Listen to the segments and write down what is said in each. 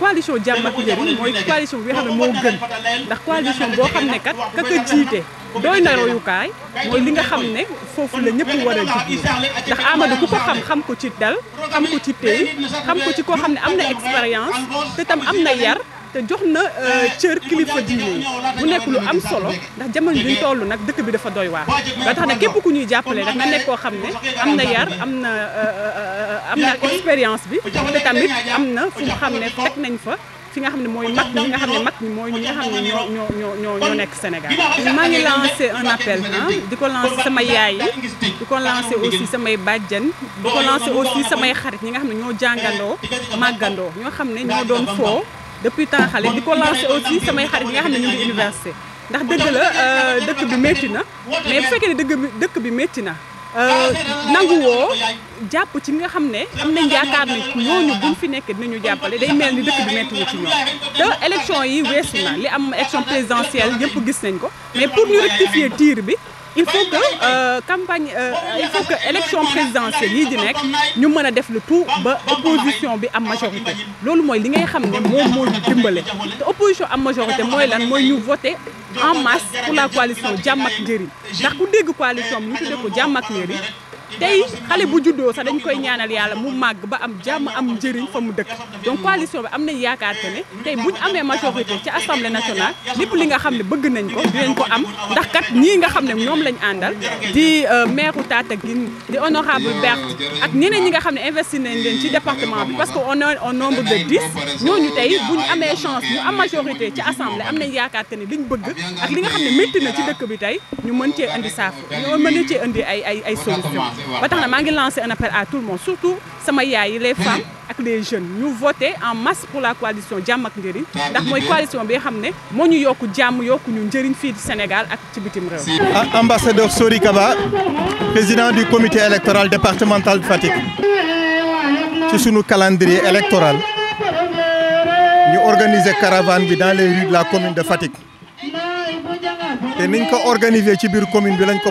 coalition jàmm ak njëriñ mooy coalition bi nga xam ne moo gën ndax coalition boo xam ne kat ka ko jiite doy na royukaay mooy li nga xam ne foofu la ñëpp war a jublu ndax Amadou ku ko xam xam ko ci dal xam ko ci téy xam ko ci koo xam ne am na expérience te tam am na yar te jox na euh, eh, cër kilifa diine yi mu nekk lu am solo ndax jamono bi ñu toll nag dëkk bi dafa doy waar ba tax na képp ku ñuy jàppale rek na nekk koo xam ne am na yar am na euh, euh, am na expérience bi te tamit am na fu mu xam ne teg nañ fa fi nga xam ne mooy mag ñi nga xam ne mag ñi mooy ñi nga xam ne ñoo ñoo ñoo nekk Sénégal. maa ngi lancé un appel ah di ko lancé sama yaay yi di ko lancé aussi samay bàjjen di ko lancé aussi samay xarit ñi nga xam ne ñoo eh, jàngandoo màggandoo ñoo xam ne ñoo doon foo. depuis tant xale diko lancer aussi samay xarit nga xamné ñu ngi université ndax dëgg la euh dëkk bi metti na mais bu fekkee ne bi dëkk bi métti na euh, nangu woo japp ci nga xamné ne am nañ yaakaar ne ñooñu buñ fi nekk dinañu jappalé day melni ni dëkk bi metti wu ci ñoo te élection yi weesu na li am élection présidentielle yëpp gis nañ ko mais pour ñu rectifier tir bi il faut que euh, campagne euh, il faut que élection présidentielle yii di nek ñu mën def le tout ba opposition bi am majorité lolu moy li ngay xam mo mo moo te opposition am majorité moy lan moy ñu voter en masse pour la coalition jàmm ak ndax ku dégg coalition mu ñu pour ko jàmm tey xale bu juddoo sax dañ koy ñaanal yàlla mu màgg ba am jàmm am njëriñ fa mu dëkk donc coalition bi am nañ yaakaar que ne tey buñ amee majorité ci assemblée nationale lépp li nga xam ne bëgg nañ ko dinañ ko am ndax kat ñii nga xam ne ñoom lañ àndal di euh, maire Tataguine di honorable Berthe ak ñeneen ñi nga xam ne investi nañ leen ci département bi parce que on est au nombre de dix ñooñu tey buñ amee chance ñu am majorité ci assemblée am nañ yaakaar que ne liñ bëgg ak li nga xam ne métti na ci dëkk bi tey ñu mën cee indi saaf ñoo mën cee indi ay ay ay solution Je tax na un appel à tout le monde surtout sama les hmm. femmes et les jeunes Nous votons en masse pour la coalition jàmm ak ndax coalition bi xam ne moo ñu yokku jàmm yokku ñu njëriñ Sénégal ak ci ah, ambassadeur Sori Kaba président du comité électoral départemental de Fatik. ci sunu calendrier électoral organisons organiser caravane dans les rues de la commune de Fatik. Nous niñ ko organiser ci biir commune bi lañ ko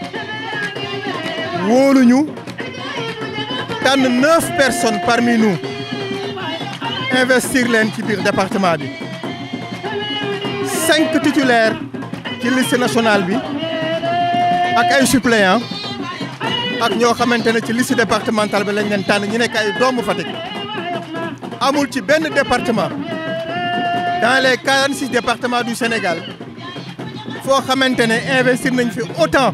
nous avons 9 personnes parmi nous investissent dans le département. 5 titulaires du lycée national et un suppléant nous avons dans le lycée départemental Amul ci ben département dans les 46 départements du Sénégal faut xamantene investir nañ fi autant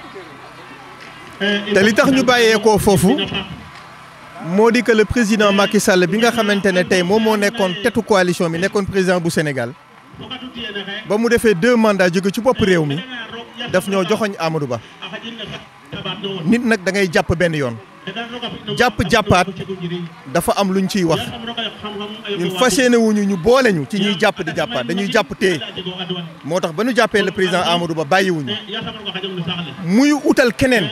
te li tax ñu bàyyee bàyyeekoo foofu moo di que président Macky Sall bi nga xamante ne tey moom moo nekkoon tetu coalition bi nekkoon président bu senegal ba mu defee deux mandats jóge ci bopp réew mi daf ñoo joxoñ Amadou Ba nit nag da ngay jàpp benn yoon. jàpp jàppaat dafa am lu luñ ciy wax ñun fas yéene wuñu ñu boole ñu ci ñuy jàpp di jàppaat dañuy jàpp tee moo tax ba nu jàppee le président Amadou Ba bàyyiwuñu muy utal keneen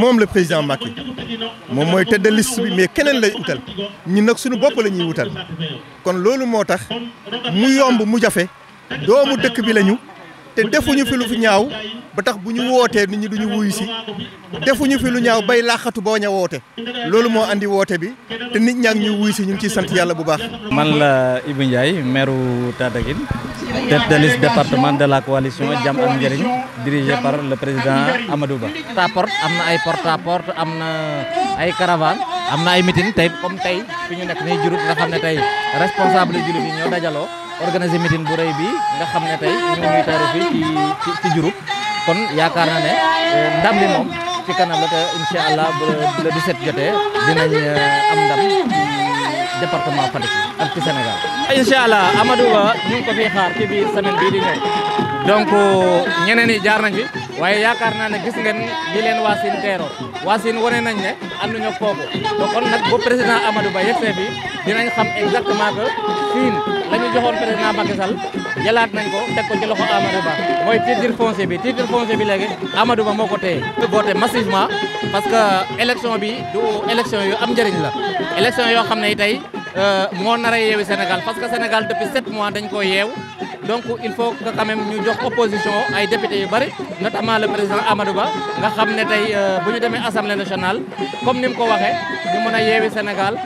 moom la président yi moom mooy tête de bi mais keneen lay utal ñun nag suñu bopp la ñuy utal kon loolu moo tax mu yomb mu jafe doomu dëkk bi lañu te defuñu fi lu fi ñaaw ba tax buñu woté nit ñi duñu wuyu ci defuñu fi lu ñaaw bay laaxatu boo ña woté lolu mo andi woté bi te nit ñaa ngi ñuy wuyu si ñu ci ciy sant yàlla bu baax. man la Ibou ndjay maire tadagine tête de liste département de la coalition jam ak Njariñ dirigé par le président Amadou Ba. ta porte amna ay porte à porte amna ay caravane amna ay meeting tay comme tay fiñu nek nekk jurup nga xam tay responsable Diouroup yi ñoo dajalo organisé meeting bu rëy bi nga xam ne tey ñoo ñuy teeru fii ci ci kon yaakaar na ne euh, ndam li moom ci kanam la te incha allah bu le 17 jotee dinañ euh, am ndam département Fatick ak Sénégal. incha allah Amadou Ba ñu ko fi xaar ci biir semaine bii di ñëw. donc ñeneen yi jaar nañ bi waaye yaakaar naa ne gis ngeen li leen waa Sine teeroo waa Sine wane nañ ne am nañu kooku te kon nag bu président Amadou Ba bi dinañ xam exactement que Sine la ñu joxoon président Macky jëlaat nañ ko teg ko ci loxo Amadou mooy titre foncier bi titre foncier bi léegi Amadou Ba moo ko téye voté ma parce que élection bi du élection yu am njëriñ la élection yoo xam ne tey euh, moo nar yeewi Sénégal parce que Sénégal depuis 7 mois dañ ko yeew donc il faut que quand ñu jox opposition ay députés yu bari notamment le président Amadou Ba nga xam ne tey euh, bu ñu demee assemblée national comme ni ko waxee ñu mën a yeewi senegal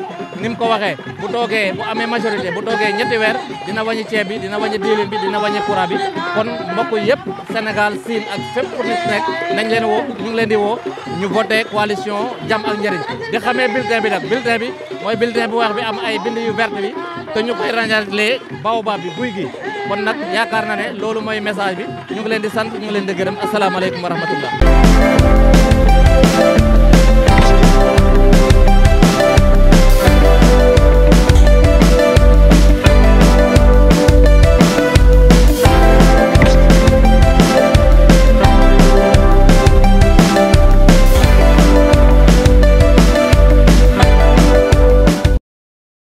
ni ko waxee bu toogee bu amee majorité bu toogee ñetti weer dina wàññi ceeb bi dina wàññi diwlin bi dina wàññi courant kon mbokk yëpp Sénégal siin ak fépp ku nit nekk nañ leen woo ñu ngi leen di woo ñu voté coalition jàmm ak njëriñ di xamee bulletin bi nag bulletin bi mooy bulletin bu wax bi am ay bind yu verte bi te ñu koy ràññalee baobab bi guy kon nag yaakaar na ne loolu mooy message bi ñu ngi leen di sant ñu ngi leen di gërëm asalaamaaleykum wa rahmatullah